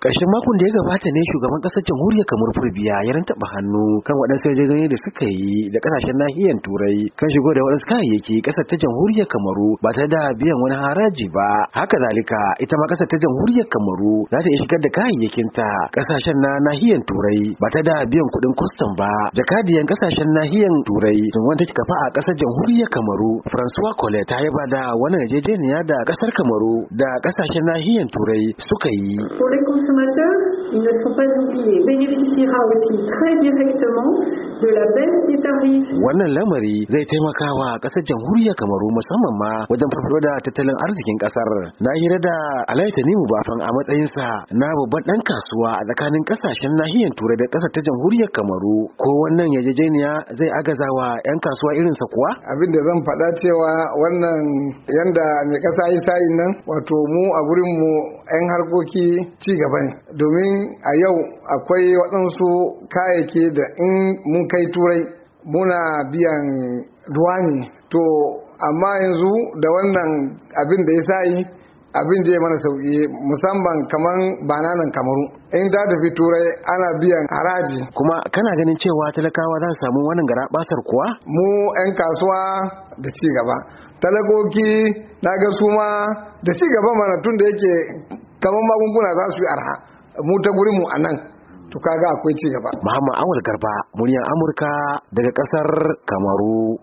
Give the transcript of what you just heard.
Ƙarshen makon da ya gabata ne shugaban kasar jamhuriyar kamar furbiya ya rantaba hannu kan waɗansu yarjejeniyoyi da suka yi da ƙasashen nahiyar turai kan shigo da waɗansu kayayyaki ƙasar ta jamhuriyar kamaru ba ta da biyan wani haraji ba haka zalika ita ma ƙasar ta jamhuriyar kamaru za ta iya shigar da kayayyakinta ƙasashen na nahiyar turai ba ta da biyan kuɗin kwastam ba jakadiyan ƙasashen nahiyar turai sun wanta ta kafa a ƙasar jamhuriyar kamaru francois collet ta yaba da wannan yarjejeniya da ƙasar kamaru da ƙasashen nahiyar turai suka yi. consommateurs, ils ne sont pas oubliés, bénéficiera aussi très directement de la baisse des tarifs. Wannan lamari zai taimaka wa ƙasar jamhuriyar Kamaru musamman ma wajen farfado da tattalin arzikin ƙasar. Na hira da Alayi Tanimu Bafan a matsayinsa na babban ɗan kasuwa a tsakanin ƙasashen nahiyar Turai da ƙasar ta jamhuriyar Kamaru. Ko wannan yajejeniya zai agaza wa 'yan kasuwa irinsa kuwa? Abin da zan faɗa cewa wannan yanda mai ƙasa yi sayin nan wato mu a gurinmu 'yan harkoki ci gaba bane domin a yau akwai waɗansu kayayyaki da in mun kai turai muna biyan ruwa ne to amma yanzu da wannan abin da ya sayi abin je mana sauƙi musamman kamar bananan kamaru in da tafi turai ana biyan haraji kuma kana ganin cewa talakawa za su samu wannan gara basar kuwa mu 'yan kasuwa da ci gaba talakoki na ga suma da ci gaba mana tun da yake kamar magunguna za su yi arha mu ta gurin mu a nan to akwai ci gaba muhammad awal garba muryan amurka daga kasar kamaru